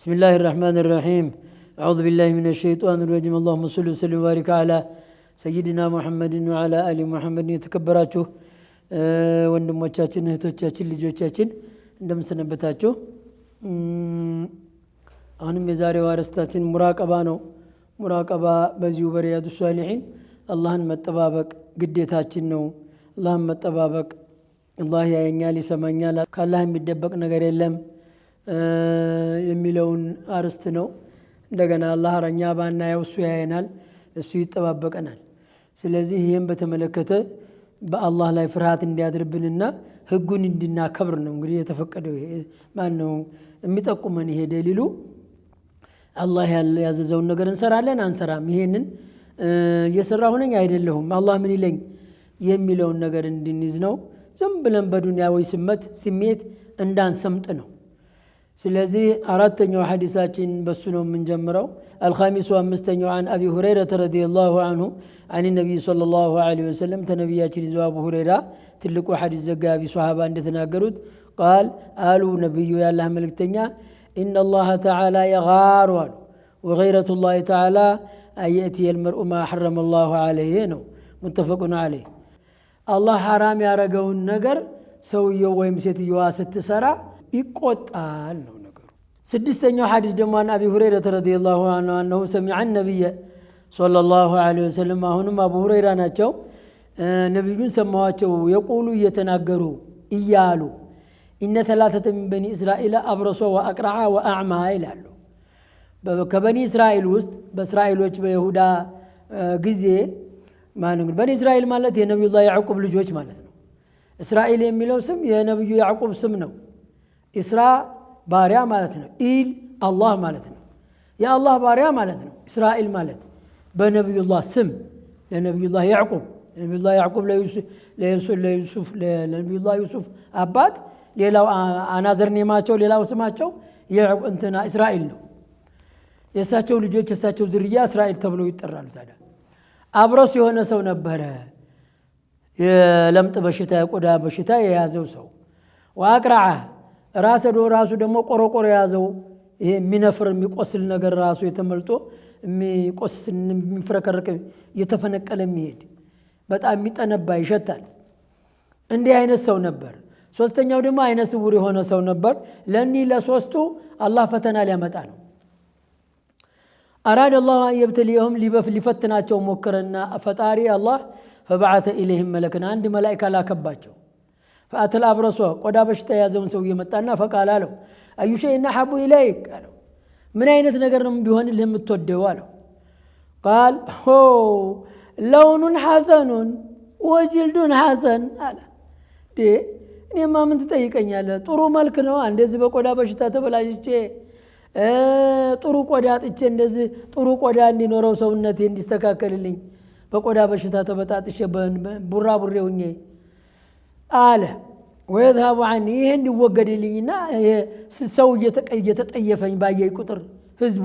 بسم الله الرحمن الرحيم أعوذ بالله من الشيطان الرجيم اللهم صل وسلم وبارك على ሰይድና ሙሐመድን ወዓላ አሊ ሙሐመድን የተከበራችሁ ወንድሞቻችን፣ እህቶቻችን፣ ልጆቻችን እንደምሰነበታችሁ። አሁንም የዛሬው አርዕስታችን ሙራቀባ ነው። ሙራቀባ በዚሁ በሪያዱ ሷሊሒን አላህን መጠባበቅ ግዴታችን ነው። አላህን መጠባበቅ፣ አላህ ያየኛል፣ ይሰማኛል፣ ከአላህ የሚደበቅ ነገር የለም። የሚለውን አርስት ነው። እንደገና አላህ አረኛ ባናየው እሱ ያየናል፣ እሱ ይጠባበቀናል። ስለዚህ ይህም በተመለከተ በአላህ ላይ ፍርሃት እንዲያድርብንና ህጉን እንድናከብር ነው እንግዲህ የተፈቀደው። ማን ነው የሚጠቁመን? ይሄ ደሊሉ አላህ ያዘዘውን ነገር እንሰራለን አንሰራም፣ ይሄንን እየሰራሁ ነኝ አይደለሁም፣ አላህ ምን ይለኝ የሚለውን ነገር እንድንይዝ ነው። ዝም ብለን በዱንያዊ ስመት ስሜት እንዳንሰምጥ ነው። ስለዚህ አራተኛው ሐዲሳችን በሱ ነው የምንጀምረው። አልኻሚሱ አምስተኛው አን አቢ ሁረይረተ ረዲየላሁ አንሁ አን ነቢይ ሰለላሁ ዐለይሂ ወሰለም ተነቢያችን ይዘው አቡ ሁረይራ ትልቁ ሐዲስ ዘጋቢ ሶሓባ እንደተናገሩት ቃል አሉ ነቢዩ ያላህ መልእክተኛ ኢነ ተዓላ የጋሩ አሉ ወገይረቱ ተዓላ አየእትየ ልመርኡ ማ ሐረመ ላሁ ዐለይህ ነው። ሙተፈቁን ዐለይህ አላህ ሐራም ያረገውን ነገር ሰውየው ወይም ሴትየዋ ስትሰራ ይቆጣል ነው ነገሩ። ስድስተኛው ሐዲስ ደግሞ አን አቢ ሁረይረተ ረዲየላሁ አንሁ አነሁ ሰሚዐ ነቢየ ሰለላሁ ዐለይሂ ወሰለም። አሁንም አቡ ሁረይራ ናቸው። ነቢዩን ሰማኋቸው የቁሉ እየተናገሩ እያሉ ኢነ ተላተተ ሚን በኒ እስራኤል አብረሶ ወአቅረዓ ወአዕማ ይላሉ። ከበኒ እስራኤል ውስጥ በእስራኤሎች በይሁዳ ጊዜ በኒ እስራኤል ማለት የነቢዩላህ ያዕቁብ ልጆች ማለት ነው። እስራኤል የሚለው ስም የነቢዩ ያዕቁብ ስም ነው። ኢስራ ባሪያ ማለት ነው። ኢል አላህ ማለት ነው። የአላህ ባሪያ ማለት ነው። እስራኤል ማለት በነቢዩላህ ስም ለነቢዩላህ ያዕቁብ ለነቢዩላህ ያዕቁብ ለዩሱፍ ለነቢዩላህ ዩሱፍ አባት ሌላው አናዘር ኔማቸው ሌላው ስማቸው እንትና እስራኤል ነው። የእሳቸው ልጆች የእሳቸው ዝርያ እስራኤል ተብለው ይጠራሉ። ታዲያ አብሮስ የሆነ ሰው ነበረ፣ የለምጥ በሽታ የቆዳ በሽታ የያዘው ሰው ወአቅረዐ ራሰ ዶ ራሱ ደግሞ ቆሮቆሮ የያዘው ይሄ የሚነፍር የሚቆስል ነገር ራሱ የተመልጦ የሚቆስል የሚፍረከረክ እየተፈነቀለ የሚሄድ በጣም የሚጠነባ ይሸታል። እንዲህ አይነት ሰው ነበር። ሶስተኛው ደግሞ አይነ ስውር የሆነ ሰው ነበር። ለእኒህ ለሶስቱ አላህ ፈተና ሊያመጣ ነው። አራድ አላሁ የብትልየሁም ሊፈትናቸው ሞክረና ፈጣሪ አላህ ፈበዓተ ኢለይህም መለክን አንድ መላይካ ላከባቸው ፈአትል አብረሶ ቆዳ በሽታ የያዘውን ሰው እየመጣና ፈቃል አለው አዩሸይና ሐቡ ኢለይክ አለው። ምን አይነት ነገር ነው ቢሆን የምትወደው አለው። ቃል ሆ ለውኑን ሐሰኑን ወጅልዱን ሐሰን አለ። እኔማ ምን ትጠይቀኛለህ? ጥሩ መልክ ነው እንደዚህ በቆዳ በሽታ ተበላሽቼ ጥሩ ቆዳ አጥቼ እንደዚህ ጥሩ ቆዳ እንዲኖረው ሰውነቴ እንዲስተካከልልኝ በቆዳ በሽታ ተበጣጥሼ ቡራቡሬ ሁኜ አለ ወየዝሀቡ አኒ ይሄ እንዲወገድልኝና ሰው እየተጠየፈኝ ባየኝ ቁጥር ህዝቡ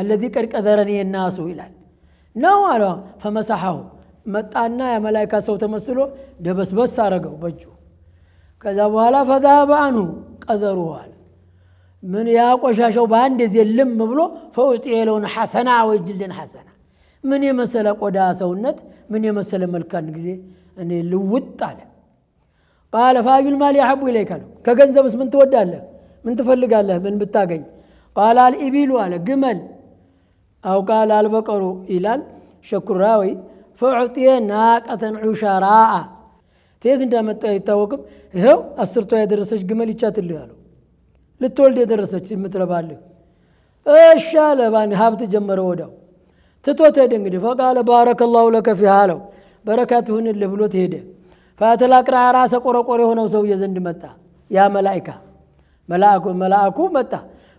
አለዚ ቀድ ቀዘረኒ የናሱ ይላል ነው አለ። ፈመሳሐሁ መጣና የመላይካ ሰው ተመስሎ ደበስበስ አረገው በእጁ። ከዛ በኋላ ፈዛሀበ አንሁ ቀዘሩ አለ ምን ያቆሻሸው በአንድ ዜ ልም ብሎ ፈውጥ የለውን ሐሰና ወጅልን ሐሰና ምን የመሰለ ቆዳ ሰውነት ምን የመሰለ መልካን ጊዜ እኔ ልውጥ አለ። ቃለ ፋቢል ማል ያሐቡ ኢለይከ ነው። ከገንዘብስ ምን ትወዳለህ? ምን ትፈልጋለህ? ምን ብታገኝ? ቃለ አልኢቢሉ አለ ግመል። አው ቃለ አልበቀሩ ይላል ሸኩራዊ። ፈዑጥየ ናቀተን ዑሸራአ ከየት እንዳመጣ አይታወቅም። ይኸው አስርቷ የደረሰች ግመል ይቻትልህ አለው። ልትወልድ የደረሰች የምትረባልህ እሻ አለ። ሀብት ጀመረ ወዳው ትቶት ሄደ። እንግዲህ ፈቃለ ባረከ ላሁ ለከ ፊሃ አለው። በረከት ይሁንልህ ብሎ ሄደ ፈትላቅራ ራሰ ቆረቆር የሆነው ሰውዬ ዘንድ መጣ። ያ መላኢካ መላአኩ መጣ።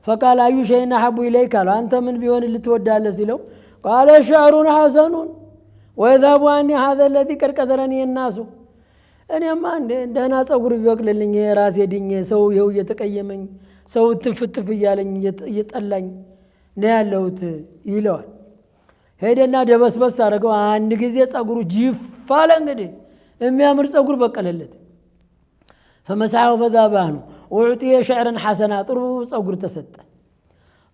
ፈቃል አዩ ሸይን አሐቡ ኢለይክ አለ። አንተ ምን ቢሆን ልትወዳለህ ሲለው ቃለ ሸዕሩን ሐሰኑን ወይዛቡ አኒ ሀዘ ለዚ ቀድ ቀተለኒ የናሱ እኔማ ደህና ፀጉር ቢበቅልልኝ ራሴ ድኜ ሰው ይኸው እየተቀየመኝ ሰው ትንፍትፍ እያለኝ እየጠላኝ ነው ያለሁት ይለዋል። ሄደና ደበስበስ አደረገው። አንድ ጊዜ ጸጉሩ ጅፍ አለ። እንግዲህ የሚያምር ጸጉር በቀለለት። ፈመሳሐ ፈዛ ባህኑ ውዕጥየ ሸዕረን ሐሰና ጥሩ ጸጉር ተሰጠ።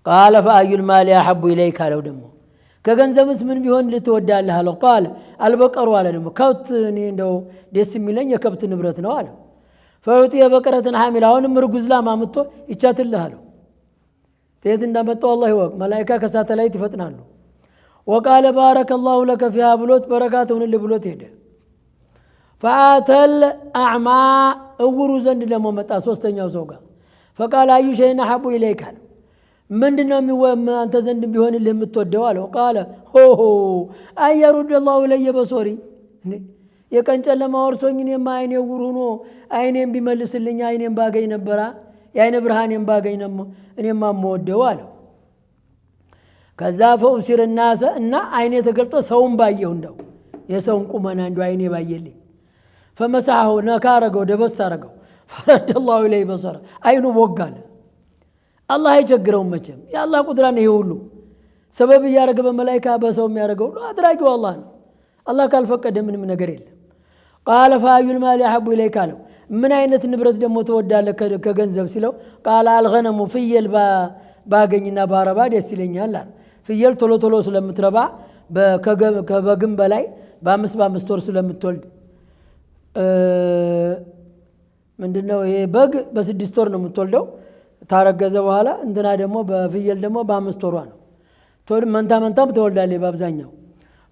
ቃለ ፈአዩል ማል አሐቡ ኢለይክ አለው። ደግሞ ከገንዘብስ ምን ቢሆን ልትወዳለህ አለው። ቃለ አልበቀሩ አለ። ደግሞ ከብት እኔ እንደው ደስ የሚለኝ የከብት ንብረት ነው አለ። ፈውጥየ በቀረትን ሐሚል አሁንም እርጉዝ ላም አምጥቶ ይቻትልህ አለው። ተየት እንዳመጣው አላህ ይወቅ። መላይካ ከሳተላይት ይፈጥናሉ። ወቃለ ባረከ ላሁ ለከ ፊሃ ብሎት በረካት ሁንል ብሎት ሄደ። ፈአተል አዕማ እውሩ ዘንድ ደግሞ መጣ ሶስተኛው ሰው ጋር ፈቃል አዩ ሸይና ሐቡ ይለይካል ምንድን አንተ ዘንድ ቢሆንልህ የምትወደው አለው። ቃለ ሆሆ አየሩድ ላሁ ለየ በሶሪ የቀን ጨለማ ወርሶኝ እኔማ አይኔ እውር ሆኖ አይኔም ቢመልስልኝ አይኔም ባገኝ ነበራ የአይነ ብርሃኔም ባገኝ እኔማ የምወደው አለው። ከዛ ፈውሲር እናሰ እና አይኔ ተገልጦ ሰውን ባየሁ እንደው የሰውን ቁመና እንዲ አይኔ ባየልኝ ፈመሳሁ ነካ አረገው ደበስ አረገው ፈረድ ላሁ ላይ በሰረ አይኑ ቦጋለ አላህ አይቸግረውም መቼም የአላህ ቁድራን ይሄ ሁሉ ሰበብ እያደረገ በመላይካ በሰው የሚያደርገው ሁሉ አድራጊው አላህ ነው አላህ ካልፈቀደ ምንም ነገር የለም ቃለ ፈአዩል ማል ያሐቡ ኢለይክ አለው ምን አይነት ንብረት ደግሞ ትወዳለህ ከገንዘብ ሲለው ቃለ አልገነሙ ፍየል ባገኝና ባረባ ደስ ይለኛል አለ ፍየል ቶሎ ቶሎ ስለምትረባ ከበግም በላይ በአምስት በአምስት ወር ስለምትወልድ ምንድን ነው ይሄ በግ በስድስት ወር ነው የምትወልደው ታረገዘ በኋላ እንትና ደግሞ በፍየል ደግሞ በአምስት ወሯ ነው መንታ መንታም ትወልዳለች በአብዛኛው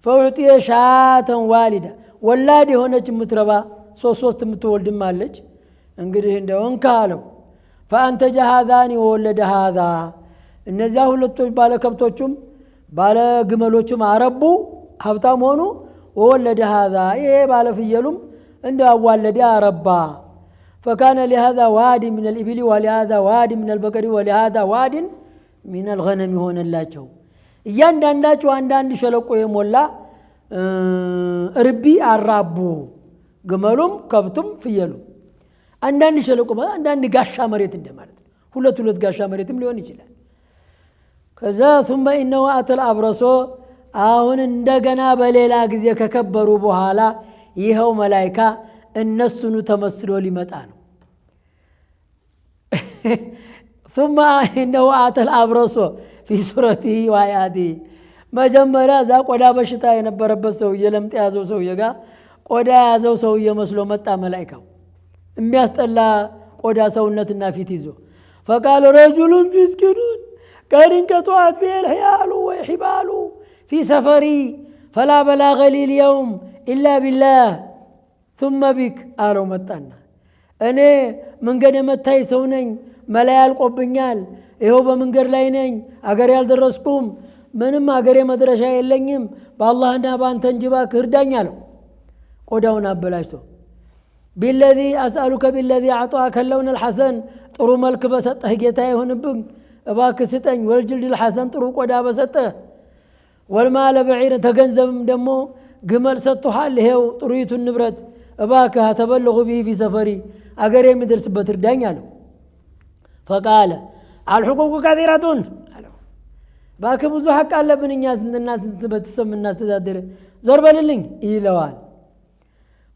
ፈውዕጥየ ሻተን ዋሊዳ ወላድ የሆነች የምትረባ ሶስት ሶስት የምትወልድም አለች እንግዲህ እንደው እንካ አለው ፈአንተጀ ሃዛኒ ወወለደ ሃዛ እነዚያ ሁለቶች ባለ ከብቶቹም ባለ ግመሎቹም አረቡ ሀብታም ሆኑ። ወወለደ ሀዛ ይሄ ባለ ፍየሉም እንደ አዋለደ አረባ። ፈካነ ሊሃዛ ዋዲን ሚነል ኢብሊ ወሊሃዛ ዋዲን ሚነል በቀሪ ወሊሃዛ ዋዲን ሚነል ገነም ይሆነላቸው። እያንዳንዳቸው አንዳንድ ሸለቆ የሞላ እርቢ አራቡ፣ ግመሉም ከብቱም ፍየሉም አንዳንድ ሸለቆ አንዳንድ ጋሻ መሬት እንደማለት ሁለት ሁለት ጋሻ መሬትም ሊሆን ይችላል። ከዛ ሱመ ኢነሁ አተል አብረሶ አሁን እንደገና በሌላ ጊዜ ከከበሩ በኋላ ይኸው መላይካ እነሱኑ ተመስሎ ሊመጣ ነው። ሱመ ኢነሁ አተል አብረሶ ፊ ሱረቲ ዋያቲ መጀመሪያ እዛ ቆዳ በሽታ የነበረበት ሰውዬ ለምጥ የያዘው ሰውዬ ጋር ቆዳ የያዘው ሰውዬ መስሎ መጣ መላይካው የሚያስጠላ ቆዳ ሰውነትና ፊት ይዞ ፈቃል ረጁሉን ሚስኪኑን قال إن به الحيال والحبال في سفري فلا بلاغ لي اليوم إلا بالله ثم بك آلو متانا أنا من قد متاي سونين ملايال قبنيال إيهو من قر لينين أقر يال درسكم من ما أقر مدرشا يلنين بالله نابان تنجبا كردان يالو قدونا بلاشتو بالذي أسألك بالذي أعطاك اللون الحسن ترو ملك بسطه جيتا يهون እባክህ ስጠኝ። ወልጅልድል ሐሰን ጥሩ ቆዳ በሰጠ ወልማለ በዒር ተገንዘብም ደግሞ ግመል ሰጥቶሃል፣ ይሄው ጥሩይቱን ንብረት እባክህ ተበለኹ ብሂ ፊ ሰፈሪ አገር የሚደርስበት እርዳኝ አለው። ፈቃለ አልሕቁቁ ከቲረቱን ባክ ብዙ ሐቅ አለብን እኛ ስንትና ስንት ቤተሰብ ዞር በልልኝ ይለዋል።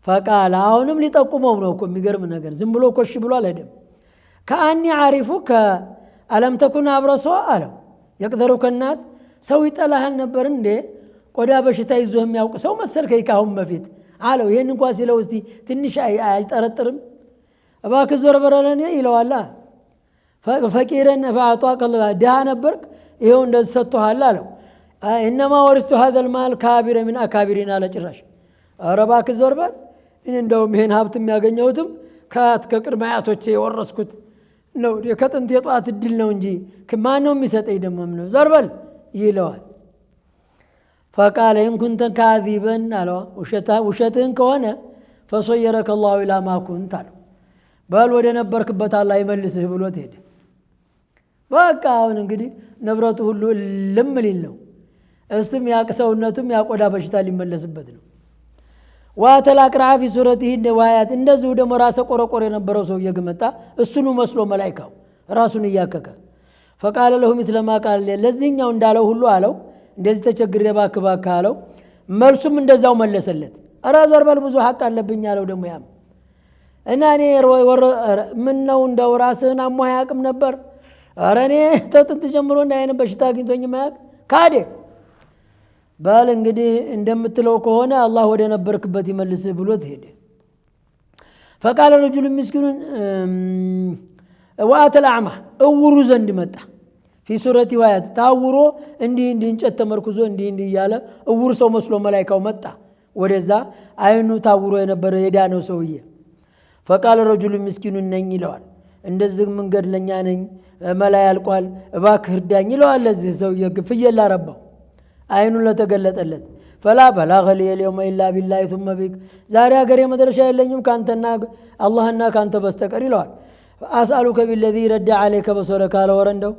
ፈቃለ አሁንም ሊጠቁመው ነው እኮ የሚገርም ነገር። ዝም ብሎ ኮሽ ብሎ አልሄደም። ከአኒ ከ አለም ተኩን አብረሶ አለው የቅደሩ ከናስ ሰው ይጠላሃል ነበር እንዴ? ቆዳ በሽታ ይዞ የሚያውቅ ሰው መሰልከኝ ካሁን በፊት አለው። ይህን እንኳ ሲለው እስቲ ትንሽ አይጠረጥርም። እባክህ ዞር በረለኔ ይለዋላ። ፈቂረን ፈአጧ ድሃ ነበርክ፣ ይኸው እንደዚህ ሰጥቶሃል አለው። እነማ ወሪስቱ ሀዘል ማል ካቢረ ሚን አካቢሪን አለ። ጭራሽ ኧረ እባክህ ዞር በል፣ እንደውም ይህን ሀብት የሚያገኘሁትም ከአያት ከቅድመ አያቶቼ የወረስኩት ነው ከጥንት የጠዋት እድል ነው እንጂ ማን ነው የሚሰጠኝ ደግሞ ምነው ዘርበል ይለዋል። ፈቃለ ኢንኩንተ ካዚበን አለ ውሸትህን ከሆነ ፈሶየረከ ላሁ ኢላ ማኩንት አለ በል ወደ ነበርክበት አላ ይመልስህ ብሎት ሄደ። በቃ አሁን እንግዲህ ንብረቱ ሁሉ ልም ሊል ነው። እሱም ያቅ ሰውነቱም ያቆዳ በሽታ ሊመለስበት ነው። ዋተል አቅርዓ ፊ ሱረት ይህ ዋያት እንደዚሁ ደግሞ ራሰ ቆረቆር የነበረው ሰው እየግመጣ እሱኑ መስሎ መላይካው ራሱን እያከከ ፈቃለ ለሁ ሚትለማ ቃል ለዚህኛው እንዳለው ሁሉ አለው። እንደዚህ ተቸግሬ እባክህ እባክህ አለው። መልሱም እንደዛው መለሰለት። ራዙ አርባል ብዙ ሀቅ አለብኝ አለው። ደግሞ ያም እና እኔ ምን ነው እንደው ራስህን አሟህ አያውቅም ነበር? ኧረ እኔ ተጥንት ጀምሮ እንደ በሽታ አግኝቶኝ ማያውቅ ካዴ ባል እንግዲህ እንደምትለው ከሆነ አላህ ወደ ነበርክበት ይመልስህ ብሎት ሄደ። ፈቃለ ረጁል ምስኪኑን ወአተል አዕማ እውሩ ዘንድ መጣ። ፊ ሱረት ዋያት ታውሮ እንዲህ እንዲህ እንጨት ተመርኩዞ እንዲህ እንዲህ እያለ እውር ሰው መስሎ መላይካው መጣ። ወደዛ አይኑ ታውሮ የነበረ የዳነው ሰውዬ ፈቃለ ረጁል ምስኪኑን ነኝ ይለዋል። እንደዚህ መንገድ ለኛ ነኝ መላይ ያልቋል፣ እባክህ እርዳኝ ይለዋል። ለዚህ ሰውዬ ግፍየላ ረባው አይኑን ለተገለጠለት ፈላ በላገ ሊየል የውመ ኢላ ቢላሂ ቱመ ቢክ ዛሬ ሀገሬ መድረሻ የለኝም ከአንተና አላህና ከአንተ በስተቀር ይለዋል። አስአሉከ ቢለዚ ረዳ ዓለይከ በሶረ ካለ ወረ እንደው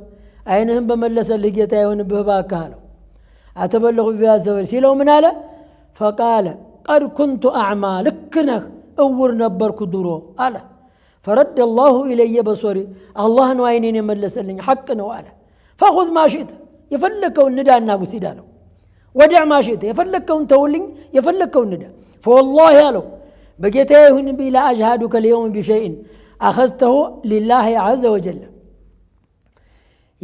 አይንህም በመለሰልህ ጌታ የሆንብህ እባክህ አለው። አተበለቁ ቢሃ ሲለው ምን አለ? ፈቃለ ቀድ ኩንቱ አዕማ ልክ ነህ እውር ነበርኩ ድሮ አለ። ፈረድ ላሁ ኢለየ በሶሪ አላህ ነው አይኔን የመለሰልኝ ሐቅ ነው አለ። ፈኹዝ ማሽእተ የፈለከውን ንዳና ጉሲድ አለው። ወድዕ ማሽት የፈለግከውን ተውልኝ፣ የፈለግከውን ንዳ። ፈወላሂ አለው በጌታ ይሁን ቢ ለአጅሃዱከ ልየውም ቢሸይን አኸዝተሁ ሊላህ አዘ ወጀለ።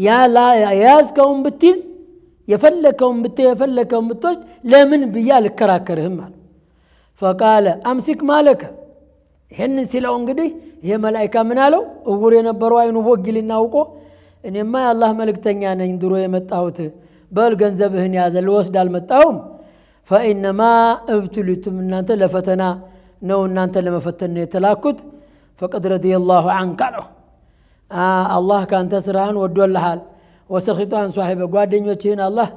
የያዝከውን ብትይዝ የፈለግከውን ብት የፈለግከውን ብትወስድ ለምን ብዬ አልከራከርህም አለ። ፈቃለ አምሲክ ማለከ ይህንን ሲለው እንግዲህ ይሄ መላይካ ምን አለው? እውር የነበረው አይኑ ቦጊልና አውቆ እኔማ የአላህ መልእክተኛ ነኝ ድሮ የመጣሁት በል ገንዘብህን ያዘ ልወስድ አልመጣሁም። ፈኢነማ እብትሊቱም እናንተ ለፈተና ነው፣ እናንተ ለመፈተን ነው የተላኩት። ፈቀድ ረዲየላሁ አንከ አልሁ አላህ ከአንተ ስራህን ወዶልሃል። ወሰኺጡ አን ሷሒበ ጓደኞችህን አላህ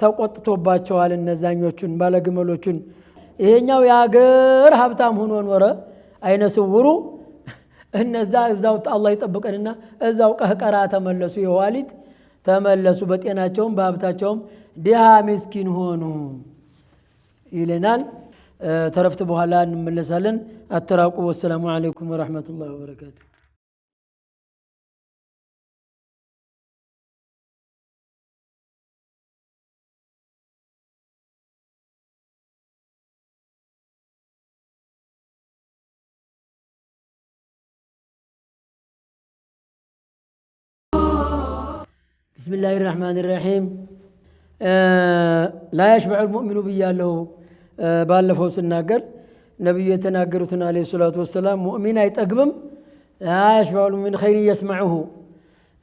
ተቆጥቶባቸዋል፣ እነዛኞቹን ባለግመሎቹን። ይሄኛው የአገር ሀብታም ሆኖ ኖረ አይነ ስውሩ እነዛ እዛው አላህ ይጠብቀንና እዛው ቀህቀራ ተመለሱ የኋሊት ተመለሱ፣ በጤናቸውም በሀብታቸውም ድሃ ምስኪን ሆኑ ይለናል። ተረፍት በኋላ እንመለሳለን። አተራቁ። ወሰላሙ አለይኩም ወረሕመቱላሂ ወበረካቱ። بسم الله الرحمن الرحيم لا يشبع المؤمن ብያለሁ ባለፈው ስናገር ነቢዩ የተናገሩትን አለ ሰላቱ ወሰላም ሙእሚን አይጠግብም ያሽባሉ ምን ኸይር እየስማዑሁ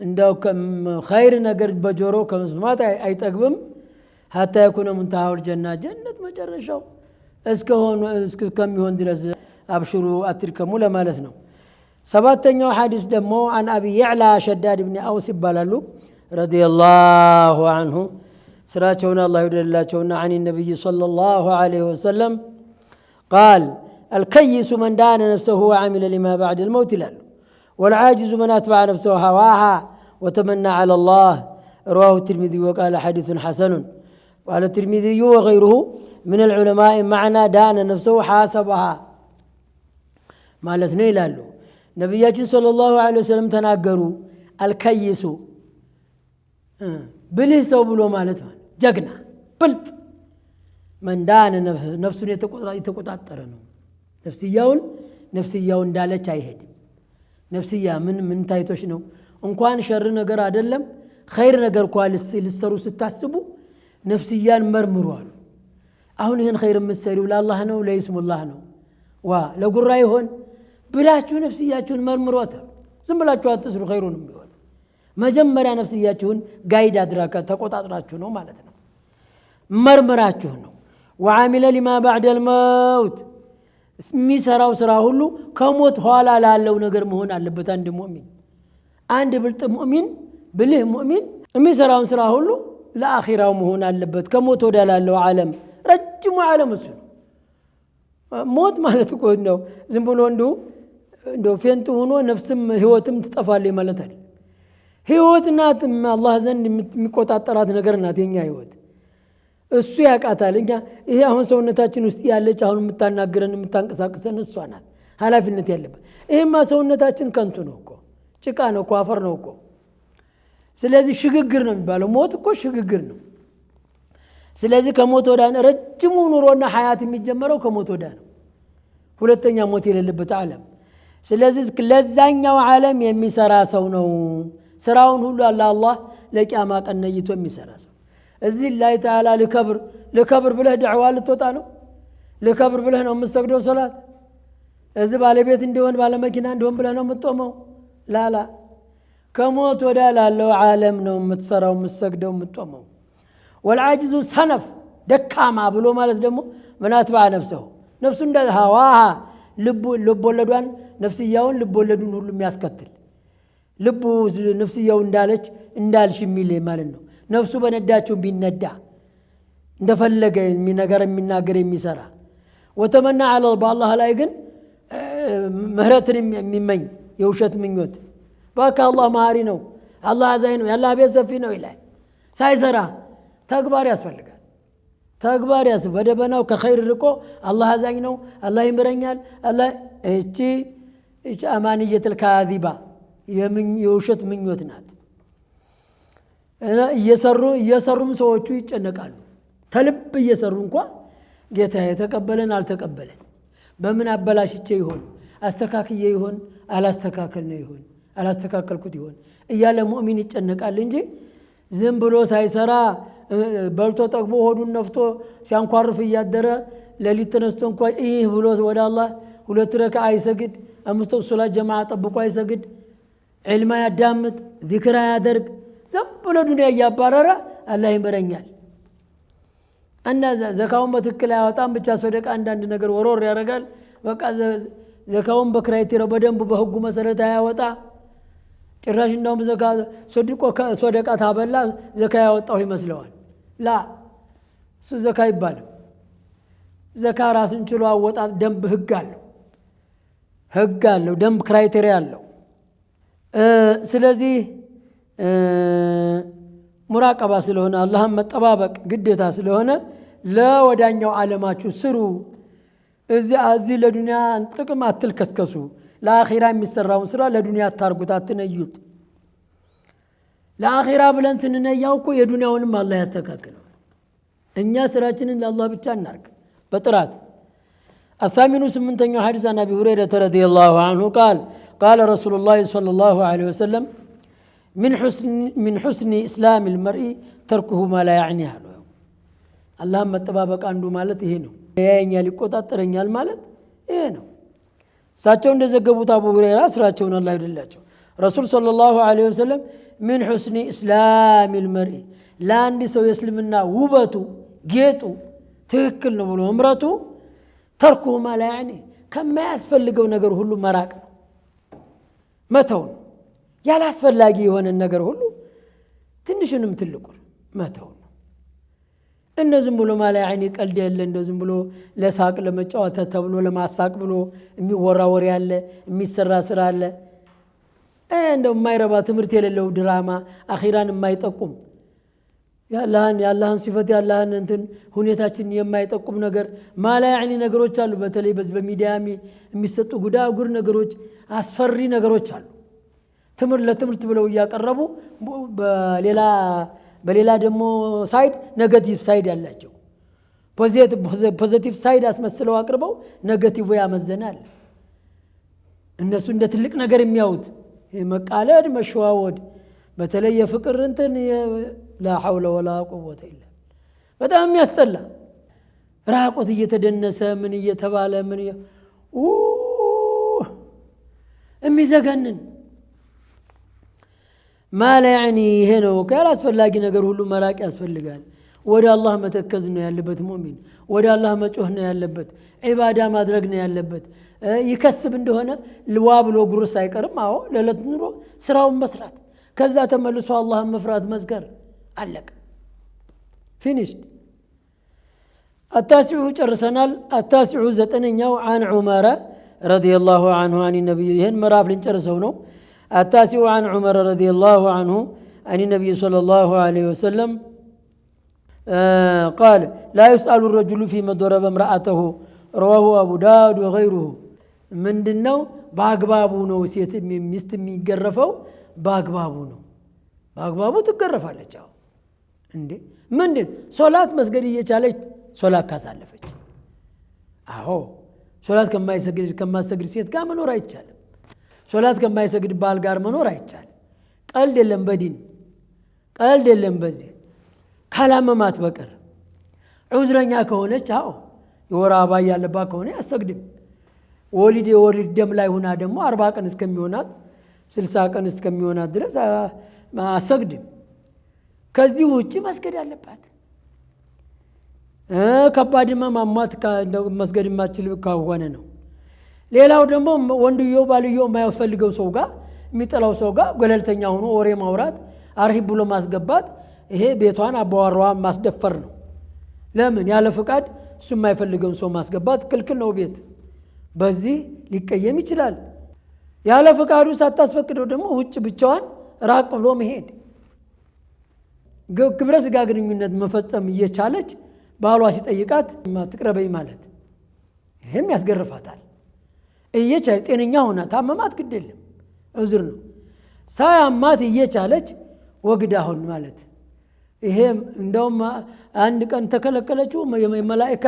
እንደው ኸይር ነገር በጆሮ ከመስማት አይጠግብም ሀታ የኩነ ሙንተሃውል ጀና ጀነት መጨረሻው እስከሚሆን ድረስ አብሽሩ አትድከሙ ለማለት ነው ሰባተኛው ሐዲስ ደግሞ አን አቢ ያዕላ ሸዳድ ብኒ አውስ ይባላሉ رضي الله ረዲየላሁ አንሁ الله አላህ ይውደድላቸውና አን ነቢይ ሰለላሁ ዐለይሂ ወሰለም ቃል አልከይሱ መን ዳነ ነፍሰሁ ወዓሚለ لما بعد الموت لا والعاجز من أتبع نفسه هواها وتمنى على الله رواه الترمذي وقال حديث حسن وقال الترمذي وغيره من العلماء معنى دان نفسه حاسبها ما الاثنين لالو نبياتي صلى الله عليه وسلم تناقروا الكيس ብልህ ሰው ብሎ ማለት ማለት ጀግና ብልጥ መንዳን ነፍሱን የተቆጣጠረ ነው። ነፍስያውን ነፍስያው እንዳለች አይሄድም። ነፍስያ ምን ምን ታይቶች ነው? እንኳን ሸር ነገር አይደለም ኸይር ነገር እኳ ልሰሩ ስታስቡ ነፍስያን መርምሩ አሉ። አሁን ይህን ኸይር የምትሰሪው ለአላህ ነው ለይስሙላህ ነው ዋ ለጉራ ይሆን ብላችሁ ነፍስያችሁን መርምሯታል። ዝም ብላችሁ አትስሩ ኸይሩን መጀመሪያ ነፍስያችሁን ጋይድ አድራከ ተቆጣጥራችሁ ነው ማለት ነው። መርምራችሁ ነው። ወዓሚለ ሊማ ባዕደ ልመውት የሚሰራው ስራ ሁሉ ከሞት ኋላ ላለው ነገር መሆን አለበት። አንድ ሙእሚን አንድ ብልጥ ሙእሚን ብልህ ሙእሚን የሚሰራውን ስራ ሁሉ ለአኺራው መሆን አለበት። ከሞት ወዳ ላለው ዓለም ረጅሙ ዓለም እሱ ነው። ሞት ማለት እኮ ነው ዝም ብሎ እንዲሁ ፌንጥ ሆኖ ነፍስም ህይወትም ትጠፋለች ማለት አይደል። ህይወት ናት። አላህ ዘንድ የሚቆጣጠራት ነገር ናት የኛ ህይወት። እሱ ያውቃታል። እኛ ይሄ አሁን ሰውነታችን ውስጥ ያለች አሁን የምታናግረን የምታንቀሳቅሰን እሷ ናት፣ ኃላፊነት ያለበት። ይህማ ሰውነታችን ከንቱ ነው እኮ ጭቃ ነው እኮ አፈር ነው እኮ። ስለዚህ ሽግግር ነው የሚባለው። ሞት እኮ ሽግግር ነው። ስለዚህ ከሞት ወዳ ረጅሙ ኑሮና ሀያት የሚጀመረው ከሞት ወዳ ነው። ሁለተኛ ሞት የሌለበት ዓለም። ስለዚህ ለዛኛው ዓለም የሚሰራ ሰው ነው ስራውን ሁሉ ለአላህ ለቂያማ ቀን ነይቶ የሚሰራ ሰው እዚህ ላይ ተዓላ ልከብር ልከብር ብለህ ድዕዋ ልትወጣ ነው። ልከብር ብለህ ነው የምትሰግደው ሶላት። እዚህ ባለቤት እንዲሆን ባለመኪና እንዲሆን ብለህ ነው የምትጦመው። ላላ ከሞት ወዳ ላለው ዓለም ነው የምትሰራው፣ የምትሰግደው፣ የምትጦመው። ወልዓጅዙ ሰነፍ ደካማ ብሎ ማለት ደግሞ ምናትባ ነፍሰው ነፍሱ እንደ ሀዋሃ ልቦለዷን ነፍስያውን ልቦወለዱን ሁሉ የሚያስከትል ልቡ ነፍስየው እንዳለች እንዳልሽ የሚል ማለት ነው። ነፍሱ በነዳቸው ቢነዳ እንደፈለገ ነገር የሚናገር የሚሰራ ወተመና አለ በአላህ ላይ ግን ምህረትን የሚመኝ የውሸት ምኞት በካ አላህ መሀሪ ነው፣ አላህ አዛኝ ነው፣ ያለ ቤት ሰፊ ነው ይላል። ሳይሰራ ተግባር ያስፈልጋል። ተግባር ያስ በደበናው ከኸይር ርቆ አላህ አዛኝ ነው፣ አላህ ይምረኛል፣ እቺ እቺ አማንየትል ካዚባ የውሸት ምኞት ናት። እየሰሩም ሰዎቹ ይጨነቃሉ። ተልብ እየሰሩ እንኳ ጌታ የተቀበለን አልተቀበለን፣ በምን አበላሽቼ ይሆን፣ አስተካክዬ ይሆን፣ አላስተካከል ነው ይሆን፣ አላስተካከልኩት ይሆን እያለ ሙእሚን ይጨነቃል እንጂ ዝም ብሎ ሳይሰራ በልቶ ጠግቦ ሆዱን ነፍቶ ሲያንኳርፍ እያደረ ሌሊት ተነስቶ እንኳ ይህ ብሎ ወደ አላህ ሁለት ረካ አይሰግድ፣ አምስት ሶላት ጀማዓ ጠብቆ አይሰግድ ዕልማ ያዳምጥ፣ ዚክራ ያደርግ፣ ዝም ብሎ ዱንያ እያባረረ አላህ ይምረኛል እና ዘካውን በትክክል አያወጣም። ብቻ ሶደቃ አንዳንድ ነገር ወሮር ያደርጋል። በቃ ዘካውን በክራይቴሪያው በደንቡ በህጉ መሰረት አያወጣ። ጭራሽ እንደውም ዘካ ሶድቆ ሶደቃ ታበላ ዘካ ያወጣው ይመስለዋል። ላ እሱ ዘካ አይባልም። ዘካ ራስን ችሎ አወጣት ደንብ ህግ አለው። ህግ አለው። ደንብ ክራይቴሪያ አለው። ስለዚህ ሙራቀባ ስለሆነ አላህን መጠባበቅ ግዴታ ስለሆነ ለወዳኛው ዓለማችሁ ስሩ። እዚህ ለዱንያ ጥቅም አትልከስከሱ። ለአኼራ የሚሰራውን ስራ ለዱንያ አታርጉት፣ አትነዩት። ለአኼራ ብለን ስንነያው እኮ የዱንያውንም አላህ ያስተካክለው። እኛ ስራችንን ለአላህ ብቻ እናርግ በጥራት አታሚኑ ስምንተኛው ሐዲስ አን አቢ ሁረይረተ ረዲየላሁ አንሁ ቃል ቃለ رسول الله صلى الله عليه وسلم من حسن من حسن اسلام المرء تركه አሉ አላህን መጠባበቅ አንዱ ማለት ይሄ ነው። ያየኛል ይቆጣጠረኛል ማለት ይሄ ነው። እሳቸው እንደዘገቡት አቡ ሁረይራ ስራቸውን አላህ ይወድላቸው ረሱል ሰለላሁ ዐለይሂ ወሰለም ምን ሑስኒ እስላም ልመሪ ለአንድ ሰው የእስልምና ውበቱ ጌጡ ትክክል ነው ብሎ እምረቱ ተርኩሁ ማ ላ ያዕኒ ከማያስፈልገው ነገር ሁሉ መራቅ ነው። መተው ነው። ያላስፈላጊ የሆነን ነገር ሁሉ ትንሽንም ትልቁን መተው ነው። እንደ ዝም ብሎ ማላ አይኔ ቀልድ ያለ እንደ ዝም ብሎ ለሳቅ ለመጫወተ ተብሎ ለማሳቅ ብሎ የሚወራ ወሬ አለ፣ የሚሰራ ስራ አለ። እንደው የማይረባ ትምህርት የሌለው ድራማ አኺራን የማይጠቁም ያላህን ያላህን ሲፈት ያላህን እንትን ሁኔታችን የማይጠቁም ነገር ማላ ያዕኒ ነገሮች አሉ። በተለይ በዚህ በሚዲያ የሚሰጡ ጉዳጉድ ነገሮች፣ አስፈሪ ነገሮች አሉ። ትምህርት ለትምህርት ብለው እያቀረቡ በሌላ በሌላ ደግሞ ሳይድ ነገቲቭ ሳይድ ያላቸው ፖዘቲቭ ሳይድ አስመስለው አቅርበው ነገቲቭ ያመዘናል። እነሱ እንደ ትልቅ ነገር የሚያዩት መቃለድ፣ መሸዋወድ በተለይ የፍቅር እንትን ላ ወላ ቁወተ ኢላ በጣም የሚያስጠላ ራቆት እየተደነሰ ምን እየተባለ ምን የሚዘገንን ማለ ያዕኒ ይሄ ነው ካል ነገር ሁሉ መራቅ ያስፈልጋል። ወደ አላህ መተከዝ ነው ያለበት ሙእሚን። ወደ አላህ መጮህ ነው ያለበት። ዒባዳ ማድረግ ነው ያለበት። ይከስብ እንደሆነ ልዋ ብሎ ጉርስ አይቀርም። አዎ ለዕለት ኑሮ ስራውን መስራት፣ ከዛ ተመልሶ አላህን መፍራት መዝገር አለቀ። ፊኒሽድ አታሲዑ ጨርሰናል። አታሲዑ ዘጠነኛው አን ዑመረ ረዲየላሁ አንሁ አን ነቢይ ይህን ምዕራፍ ልንጨርሰው ነው። አታሲዑ አን ዑመረ ረዲየላሁ አንሁ አኒ ነቢይ ሰለላሁ ዐለይሂ ወሰለም ቃል ላ ዩስአሉ ረጅሉ ፊመ ዶረበ እምረአተሁ ረዋሁ አቡ ዳውድ ወገይሩሁ። ምንድን ነው በአግባቡ ነው ሴት ሚስት የሚገረፈው፣ በአግባቡ ነው። በአግባቡ ትገረፋለች። እንዴ ምንድን ሶላት መስገድ እየቻለች ሶላት ካሳለፈች። አዎ ሶላት ከማይሰግድ ከማሰግድ ሴት ጋር መኖር አይቻልም። ሶላት ከማይሰግድ ባል ጋር መኖር አይቻልም። ቀልድ የለም በዲን ቀልድ የለም በዚህ ካላመማት በቀር ዑዝረኛ ከሆነች አዎ የወር አበባ ያለባት ከሆነ አሰግድም። ወሊድ የወሊድ ደም ላይ ሁና ደግሞ አርባ ቀን እስከሚሆናት ስልሳ ቀን እስከሚሆናት ድረስ አሰግድም። ከዚህ ውጭ መስገድ አለባት። ከባድማ ማሟት መስገድ የማችል ከሆነ ነው። ሌላው ደግሞ ወንድዮ ባልዮ የማይፈልገው ሰው ጋር የሚጠላው ሰው ጋር ገለልተኛ ሆኖ ወሬ ማውራት አርሂብ ብሎ ማስገባት፣ ይሄ ቤቷን አባዋራዋ ማስደፈር ነው። ለምን ያለ ፈቃድ እሱ የማይፈልገውን ሰው ማስገባት ክልክል ነው ቤት። በዚህ ሊቀየም ይችላል። ያለ ፈቃዱ ሳታስፈቅደው ደግሞ ውጭ ብቻዋን ራቅ ብሎ መሄድ ግብረ ስጋ ግንኙነት መፈጸም እየቻለች ባሏ ሲጠይቃት ትቅረበኝ ማለት ይህም ያስገርፋታል። እየቻለ ጤነኛ ሆና ታመማት ግድ የለም እዝር ነው። ሳያማት እየቻለች ወግድ አሁን ማለት ይሄም እንደውም አንድ ቀን ተከለከለችው። መላይካ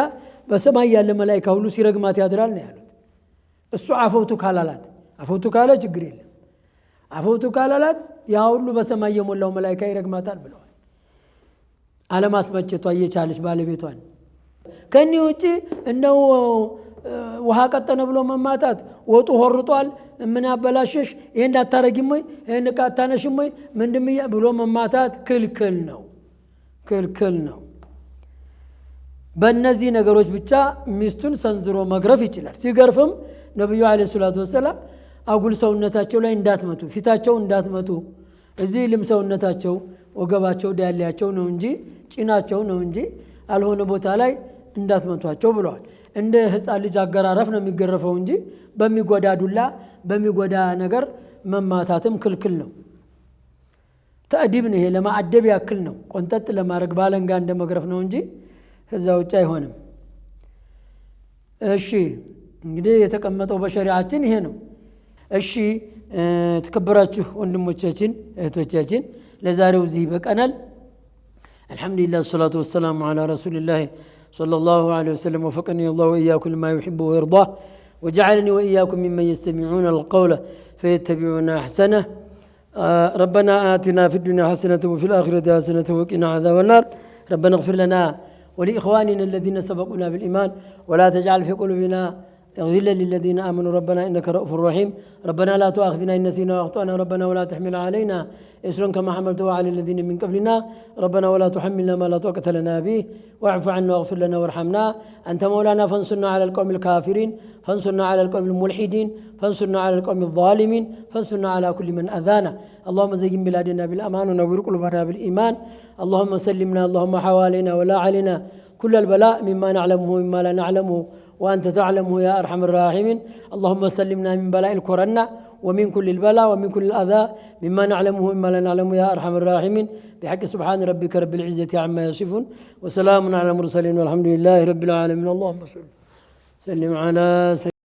በሰማይ ያለ መላይካ ሁሉ ሲረግማት ያድራል ነው ያሉት። እሱ አፈውቱ ካላላት አፈውቱ ካለ ችግር የለም አፈውቱ ካላላት ያ ሁሉ በሰማይ የሞላው መላይካ ይረግማታል ብለዋል። አለማስመቸቷ እየቻለች ባለቤቷን። ከኒህ ውጭ እንደው ውሃ ቀጠነ ብሎ መማታት፣ ወጡ ሆርጧል፣ ምን አበላሸሽ፣ ይህ እንዳታረጊም ወይ ይህ ዕቃ ወይ ምንድም ብሎ መማታት ክልክል ነው፣ ክልክል ነው። በእነዚህ ነገሮች ብቻ ሚስቱን ሰንዝሮ መግረፍ ይችላል። ሲገርፍም ነቢዩ አለ ሰላቱ ወሰላም አጉል ሰውነታቸው ላይ እንዳትመቱ፣ ፊታቸው እንዳትመቱ፣ እዚህ ልም ሰውነታቸው ወገባቸው ዳሌያቸው ነው እንጂ ጭናቸው ነው እንጂ አልሆነ ቦታ ላይ እንዳትመቷቸው ብለዋል። እንደ ህፃን ልጅ አገራረፍ ነው የሚገረፈው እንጂ በሚጎዳ ዱላ በሚጎዳ ነገር መማታትም ክልክል ነው። ተእዲብ ነው ይሄ፣ ለማዕደብ ያክል ነው። ቆንጠጥ ለማድረግ ባለንጋ እንደ መግረፍ ነው እንጂ ከዛ ውጭ አይሆንም። እሺ እንግዲህ የተቀመጠው በሸሪዓችን ይሄ ነው። እሺ تشاتين ወንድሞቻችን زيبك انا الحمد لله والصلاة والسلام على رسول الله صلى الله عليه وسلم وفقني الله وإياكم لما يحب ويرضاه وجعلني وإياكم ممن يستمعون القول فيتبعون أحسنه ربنا آتنا في الدنيا حسنة وفي الآخرة حسنة وقنا عذاب النار ربنا اغفر لنا ولإخواننا الذين سبقونا بالإيمان ولا تجعل في قلوبنا اغفر للذين امنوا ربنا انك رؤوف رحيم ربنا لا تؤاخذنا ان نسينا واخطانا ربنا ولا تحمل علينا اسرا كما حملته على الذين من قبلنا ربنا ولا تحملنا ما لا طاقه لنا به واعف عنا واغفر لنا وارحمنا انت مولانا فانصرنا على القوم الكافرين فانصرنا على القوم الملحدين فانصرنا على القوم الظالمين فانصرنا على كل من اذانا اللهم زين بلادنا بالامان ونور قلوبنا بالايمان اللهم سلمنا اللهم حوالينا ولا علينا كل البلاء مما نعلمه ومما لا نعلمه وأنت تعلم يا أرحم الراحمين اللهم سلمنا من بلاء الكورونا ومن كل البلاء ومن كل الأذى مما نعلمه مما لا نعلمه يا أرحم الراحمين بحق سبحان ربك رب العزة عما يصفون وسلام على المرسلين والحمد لله رب العالمين اللهم سلم على سيدنا